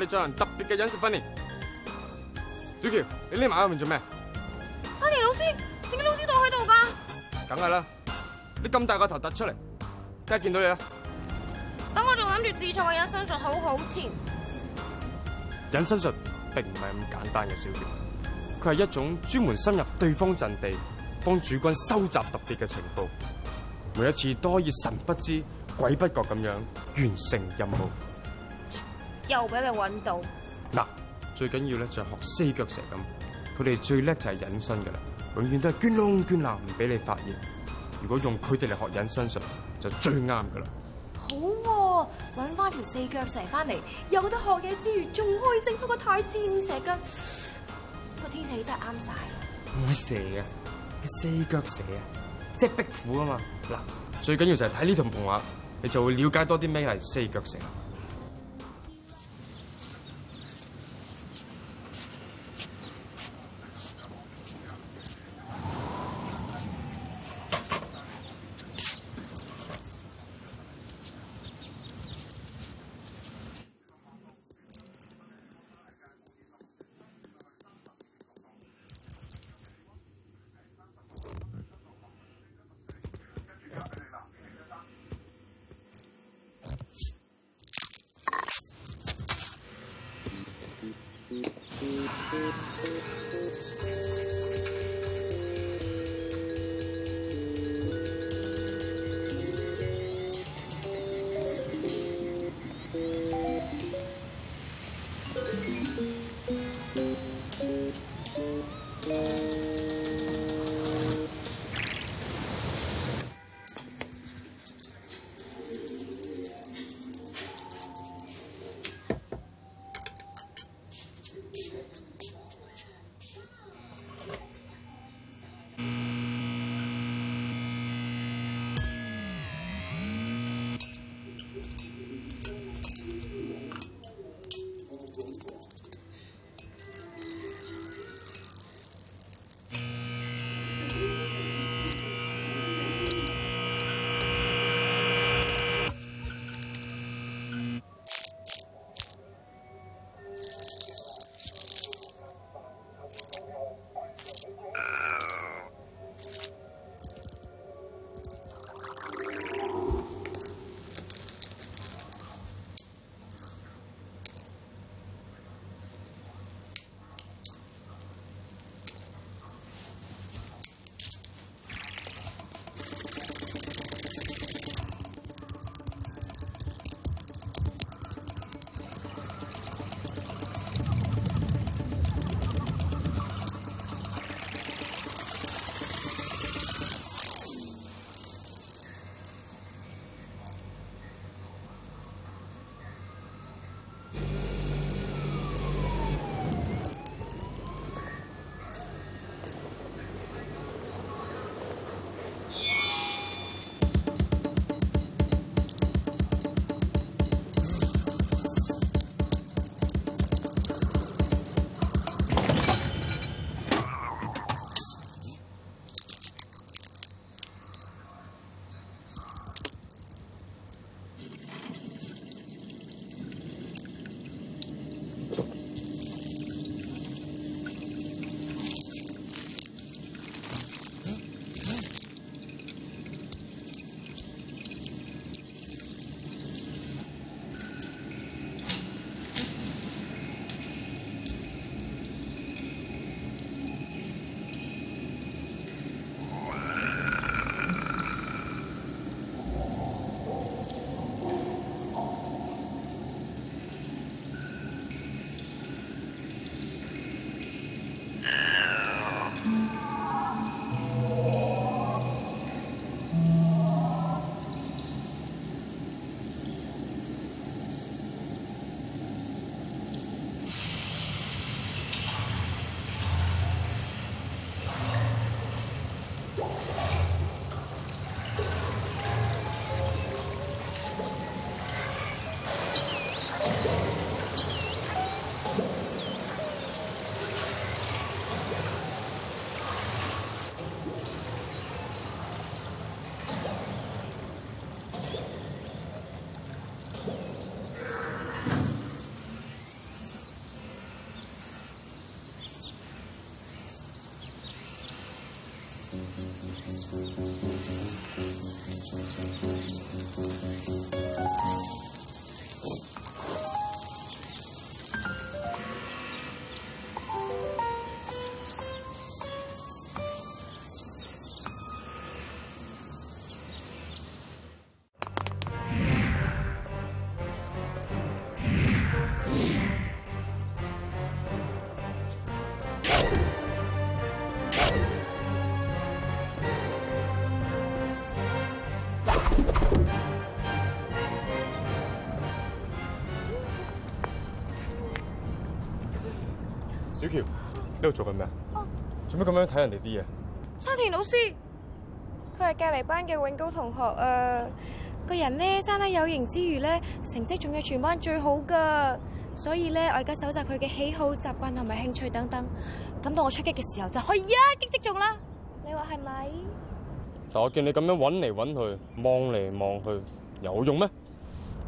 你進行特別嘅隱身訓練，小喬，你匿埋喺入面做咩？三年老師，點解老師都喺度噶？梗係啦，你咁大個頭突出嚟，梗係見到你啦。等我仲諗住自創嘅隱身術，好好添。隱身術並唔係咁簡單嘅，小喬，佢係一種專門深入對方陣地，幫主軍收集特別嘅情報。每一次都可以神不知鬼不覺咁樣完成任務。又俾你揾到嗱，最緊要咧就係學四腳蛇咁，佢哋最叻就係隱身噶啦，永遠都係捐窿捐罅唔俾你發現。如果用佢哋嚟學隱身術就最啱噶啦。好、啊，揾翻條四腳蛇翻嚟，有得學嘢之餘仲可以征服個太史五蛇羹，啊，那個天氣真係啱晒。唔係蛇啊，係四腳蛇啊，即係壁虎啊嘛。嗱，最緊要就係睇呢套動畫，你就會了解多啲咩係四腳蛇。小喬，呢度做緊咩？做咩咁樣睇人哋啲嘢？沙田老師，佢係隔籬班嘅永高同學啊、呃！個人咧生得有型之餘咧，成績仲要全班最好噶，所以咧我而家搜集佢嘅喜好、習慣同埋興趣等等，等到我出擊嘅時候就可以一擊即中啦！你話係咪？但我見你咁樣揾嚟揾去，望嚟望去，有用咩？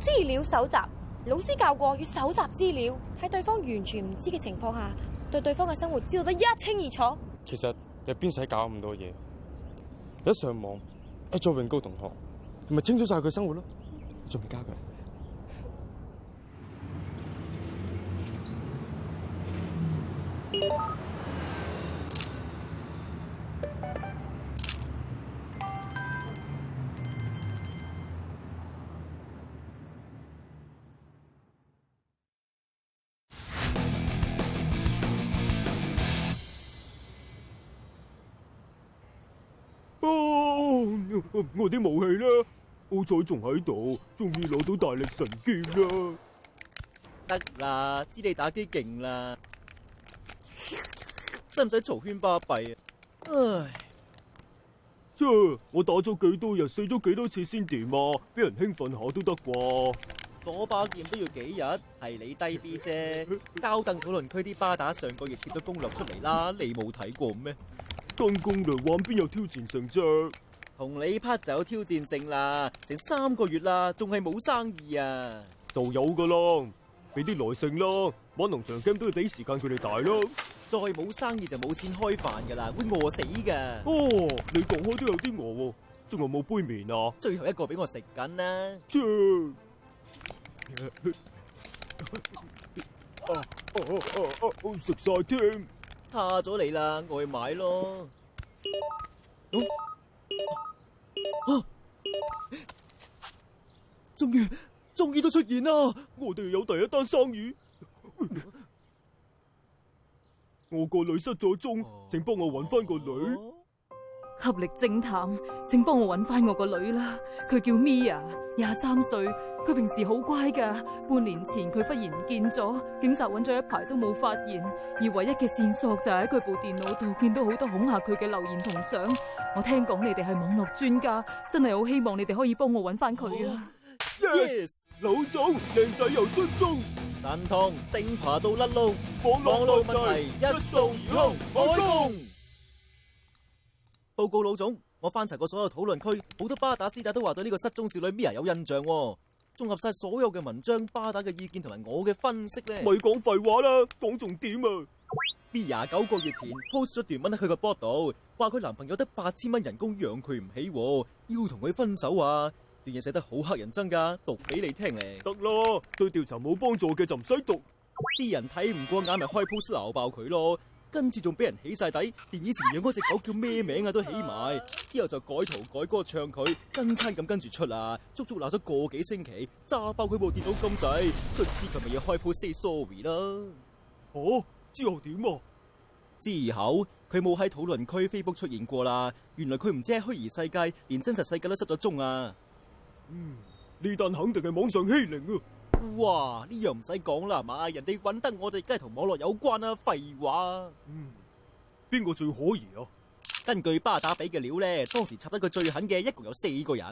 資料搜集，老師教過要搜集資料，喺對方完全唔知嘅情況下。對,對對方嘅生活知道得一清二楚。其實入邊使搞咁多嘢，一上網一做永高同學，係咪清楚晒佢生活咯，仲唔加佢？ 我啲武器呢，好彩仲喺度，終於攞到大力神劍啦！得啦，知你打機勁啦，使唔使嘈喧巴閉啊？唉，即我打咗幾多日，死咗幾多次先掂啊！俾人興奮下都得啩？嗰把劍都要幾日？係你低 B 啫！膠登討論區啲巴打上個月貼咗攻略出嚟啦，你冇睇過咩？當攻略玩邊有挑戰性啫？同你 partner 就有挑戰性啦，成三個月啦，仲係冇生意啊？就有噶啦，俾啲耐性啦，玩農場 game 都要俾時間佢哋大啦。再冇生意就冇錢開飯噶啦，會餓死噶。哦，你講開都有啲餓，仲有冇杯麵啊？最後一個俾我食緊啦。啊，食晒添，怕咗你啦，我去買咯。啊！終於，終於都出現啦！我哋有第一單生意。 我個女失咗蹤，請幫我搵翻個女。給力偵探，請幫我揾翻我個女啦！佢叫 Mia，廿三歲，佢平時好乖㗎。半年前佢忽然唔見咗，警察揾咗一排都冇發現，而唯一嘅線索就喺佢部電腦度，見到好多恐吓佢嘅留言同相。我聽講你哋係網絡專家，真係好希望你哋可以幫我揾翻佢啊！Yes，, yes 老總，靚仔又出眾，神通星爬到甩路，網絡路問題路一掃而空，送開工。報告老總，我翻查過所有討論區，好多巴打師弟都話對呢個失蹤少女 mia 有印象。哦。綜合晒所有嘅文章、巴打嘅意見同埋我嘅分析咧，咪講廢話啦，講重點啊！mia 九個月前 post 咗段文喺佢個 blog 度，話佢男朋友得八千蚊人工養佢唔起。哦，要同佢分手啊！段嘢寫得好乞人憎噶，讀俾你聽嚟。得啦，對調查冇幫助嘅就唔使讀。啲人睇唔過眼咪開 post 鬧爆佢咯。跟住仲俾人起晒底，連以前養嗰隻狗叫咩名啊都起埋，啊、之後就改圖改歌唱佢,跟餐咁跟住出啊，足足鬧咗個幾星期，炸爆佢部電腦金仔，卒之今日要開鋪 say sorry 啦。哦，之後點啊？之後佢冇喺討論區 Facebook 出現過啦，原來佢唔知係虛擬世界，連真實世界都失咗蹤啊。嗯，呢單肯定係網上欺凌啊！哇！呢樣唔使講啦，係嘛？人哋搵得我哋梗係同網絡有關啦，廢話。嗯，邊個最可疑啊？根據巴打俾嘅料咧，當時插得佢最狠嘅一共有四個人。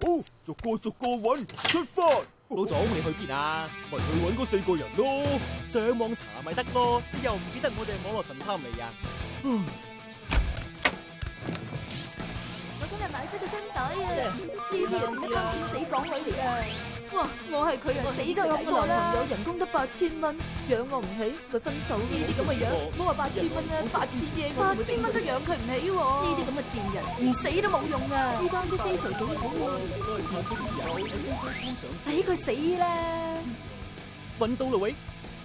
哦，逐個逐個搵，出發。老總，你去邊啊？咪、哦、去搵嗰四個人咯。上網查咪得咯，又唔記得我哋係網絡神探嚟啊！嗯，我今日買咗個針袋啊！呢啲人咩？金、哎、錢死港女嚟啊！嗯哇！我係佢人死咗我個男朋友，人工得八千蚊，養我唔起，咪分手咯！呢啲咁嘅樣，冇話八千蚊啦，八千億，八千蚊都養佢唔起。呢啲咁嘅賤人，唔死都冇用啊！呢關都非常幾好啊！睇佢死啦！搵到啦喂，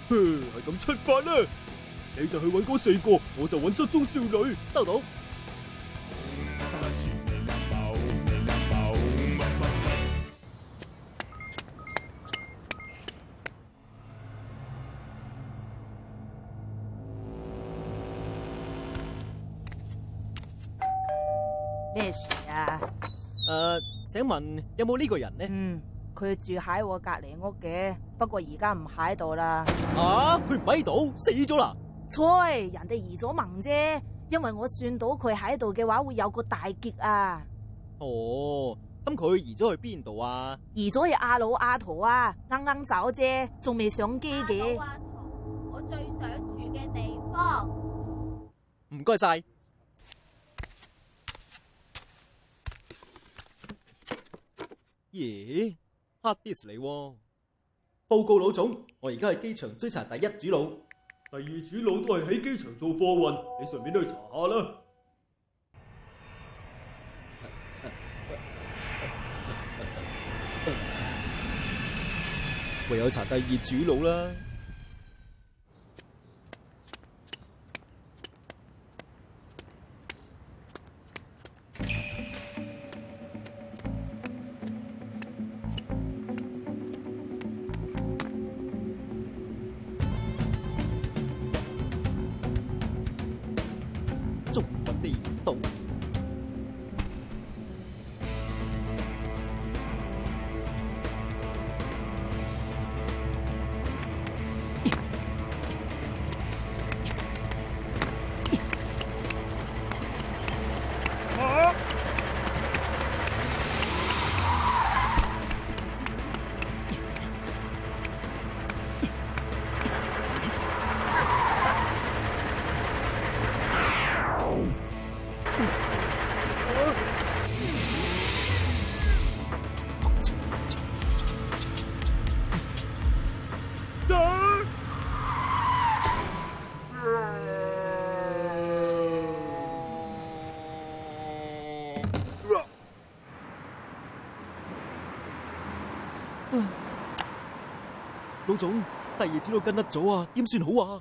係咁出發啦！你就去搵嗰四個，我就搵失蹤少女，收到。請問有冇呢個人呢？嗯，佢住喺我隔籬屋嘅，不過而家唔喺度啦。啊！佢唔喺度？死咗啦？吹人哋移咗民啫，因為我算到佢喺度嘅話會有個大劫啊。哦，咁佢移咗去邊度啊？移咗去阿老阿陀啊，啱啱走啫，仲未上機嘅。阿老阿陀，我最想住嘅地方。唔該晒。咦，黑啲嚟？啊、報告老總，我而家喺機場追查第一主腦，第二主腦都係喺機場做貨運，你順便都去查下啦。唯有查第二主腦啦。老總，第二主腦跟得早啊，點算好啊？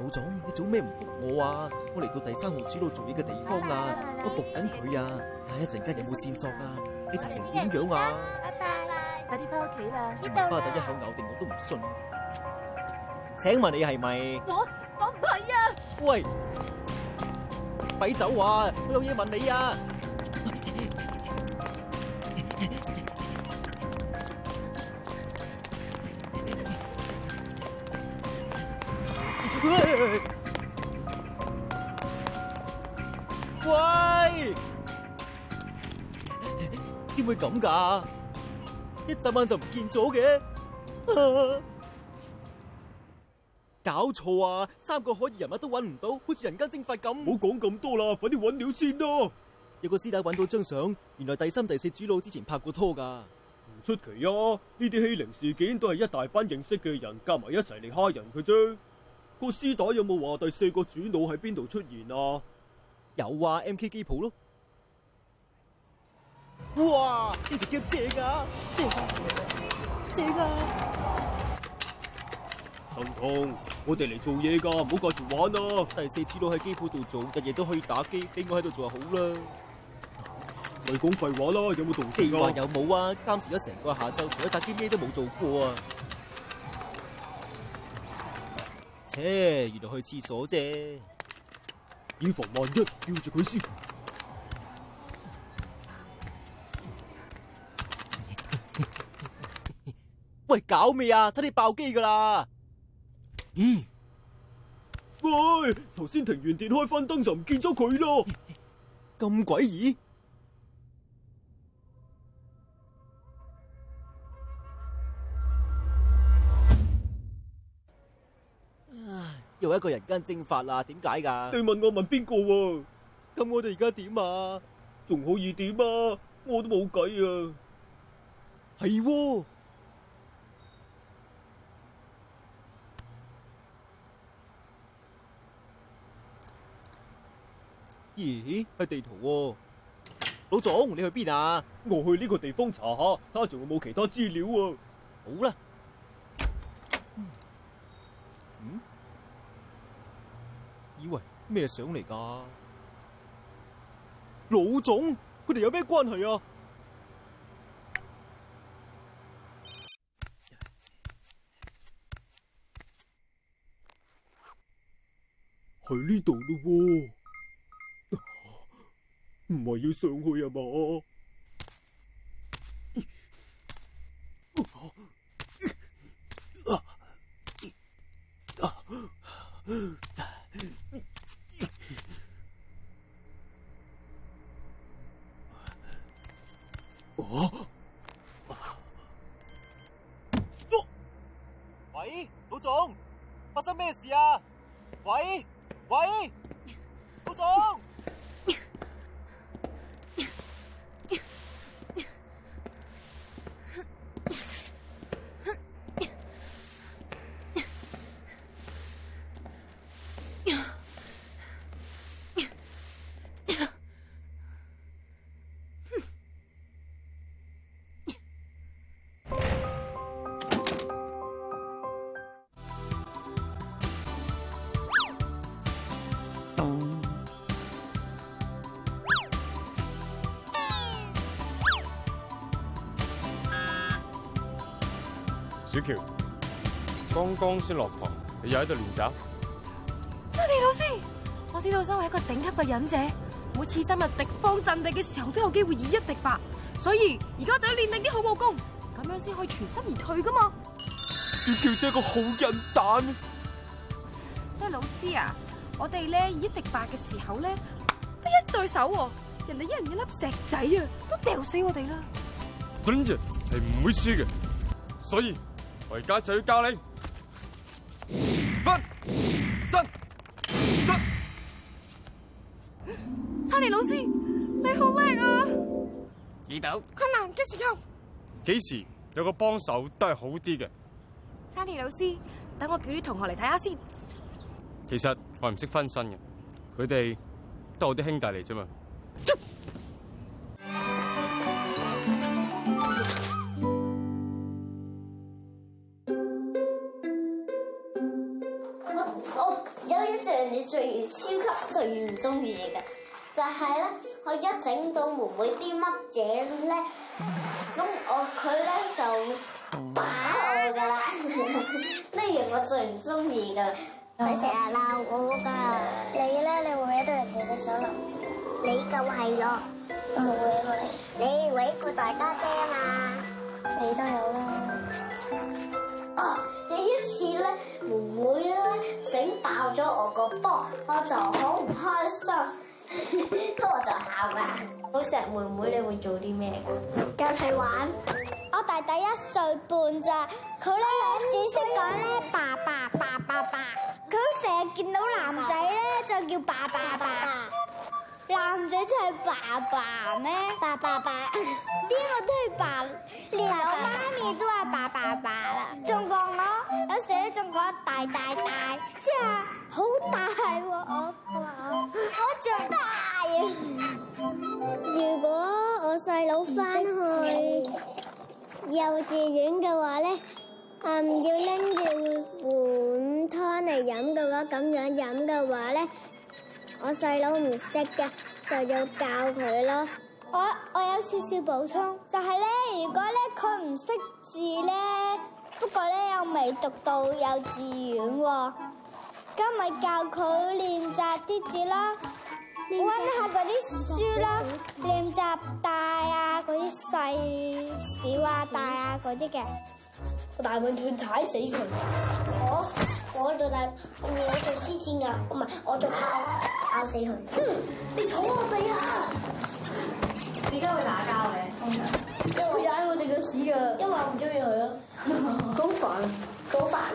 老總，你做咩唔覆我啊？我嚟到第三號主腦做嘢嘅地方啦，我服緊佢啊！唉大，一陣間有冇線索啊？你查成點樣啊？拜拜，拜拜快啲翻屋企啦！吳巴特一口咬定我都唔信。請問你係咪？我我唔係啊！喂，咪走啊！我有嘢問你啊！會咁噶？一眨眼就唔見咗嘅， 搞錯啊！三個可疑人物都揾唔到，好似人間蒸發咁。唔好講咁多啦，快啲揾料先啦！有個師弟揾到張相，原來第三、第四主腦之前拍過拖噶。唔出奇啊！呢啲欺凌事件都係一大班認識嘅人夾埋一齊嚟蝦人佢啫。那個師弟有冇話第四個主腦喺邊度出現啊？有啊，M K 機鋪咯。哇！呢隻叫正啊，正啊，正啊！心痛，我哋嚟做嘢噶，唔好掛住玩啦，啊。第四次都喺機房度做，日日都可以打機，比我喺度做就好啦。咪係講廢話啦，有冇動靜啊？廢話有冇啊？監視咗成個下晝，除咗打機咩都冇做過啊！切，原來去廁所啫。以防萬一，叫住佢先。喂，搞咩啊？差啲爆機噶啦！嗯，喂，頭先停完電開翻燈就唔見咗佢咯，咁詭異！唉，又一個人間蒸發啦，點解噶？你問我問邊個？咁我哋而家點啊？仲可以點啊？我都冇計啊！係。咦，係地圖喎，啊，老總你去邊啊？我去呢個地方查下，睇下仲有冇其他資料啊！好啦，嗯，以為咩相嚟㗎？老總佢哋有咩關係啊？喺呢度咯。唔係要上去啊嘛！ 小喬，剛剛先落堂，你又喺度練習。真係老師，我知道身為一個頂級嘅忍者，每次深入敵方陣地嘅時候都有機會以一敵百，所以而家就要練定啲好武功，咁樣先可以全身而退噶嘛。小喬姐係個好人蛋。老師啊，我哋咧以一敵百嘅時候咧，得一對手，人哋一人一粒石仔啊，都掉死我哋啦。忍者係唔會輸嘅，所以。我而家就要教你分身分身。查理老師，你好叻啊！遇到困難嘅時候，幾時有個幫手都係好啲嘅。查理老師，等我叫啲同學嚟睇下先。其實我唔識分身嘅，佢哋都係我啲兄弟嚟啫嘛。上次你最超級最唔中意嘅就係咧，我一整到妹妹啲乜嘢咧，咁我佢咧就打我噶啦，呢樣我最唔中意噶。佢成日鬧我噶，你咧你會唔會多人哋隻手啊？你就係咯，我唔會啊，你維護大家姐嘛，你就有啦。哦、有一次咧，妹妹咧整爆咗我個波，我就好唔開心，咁 我就喊啦。好錫 妹妹，你會做啲咩噶？繼續玩。我弟弟一歲半咋，佢咧只識講咧爸爸爸爸爸，佢成日見到男仔咧就叫爸爸爸，爸。男仔就係爸爸咩？爸爸爸，邊個都係爸，連我媽咪都係爸爸爸啦。仲講我，有時都仲講大大大，即係好大喎。我我仲大啊！如果我細佬翻去幼稚園嘅話咧，啊唔要拎住碗湯嚟飲嘅話，咁樣飲嘅話咧。我細佬唔識嘅，就要教佢咯。我我有少少補充，就係、是、咧，如果咧佢唔識字咧，不過咧又未讀到幼稚園喎、啊，今日教佢練習啲字啦，溫習下嗰啲書啦，練習大啊嗰啲細小啊、嗯、大啊嗰啲嘅。我大碗卷，踩死佢、啊！我我做大，我做獅子牙，唔係我做、啊咬死佢！哼、嗯，你肚我地下。點解 Okay. 會打交嘅？因為踩我哋腳屎㗎。因為我唔中意佢咯。好 煩！好煩！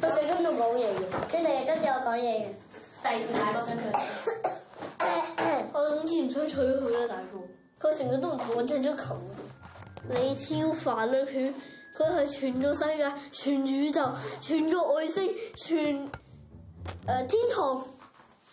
佢成日跟到講嘢嘅。佢成日跟住我講嘢嘅。第二次大哥想佢。 我總之唔想娶佢啦，大哥。佢成日都唔同我踢足球。你超煩啦！佢，佢係全個世界、全宇宙、全個外星、全誒、呃、天堂。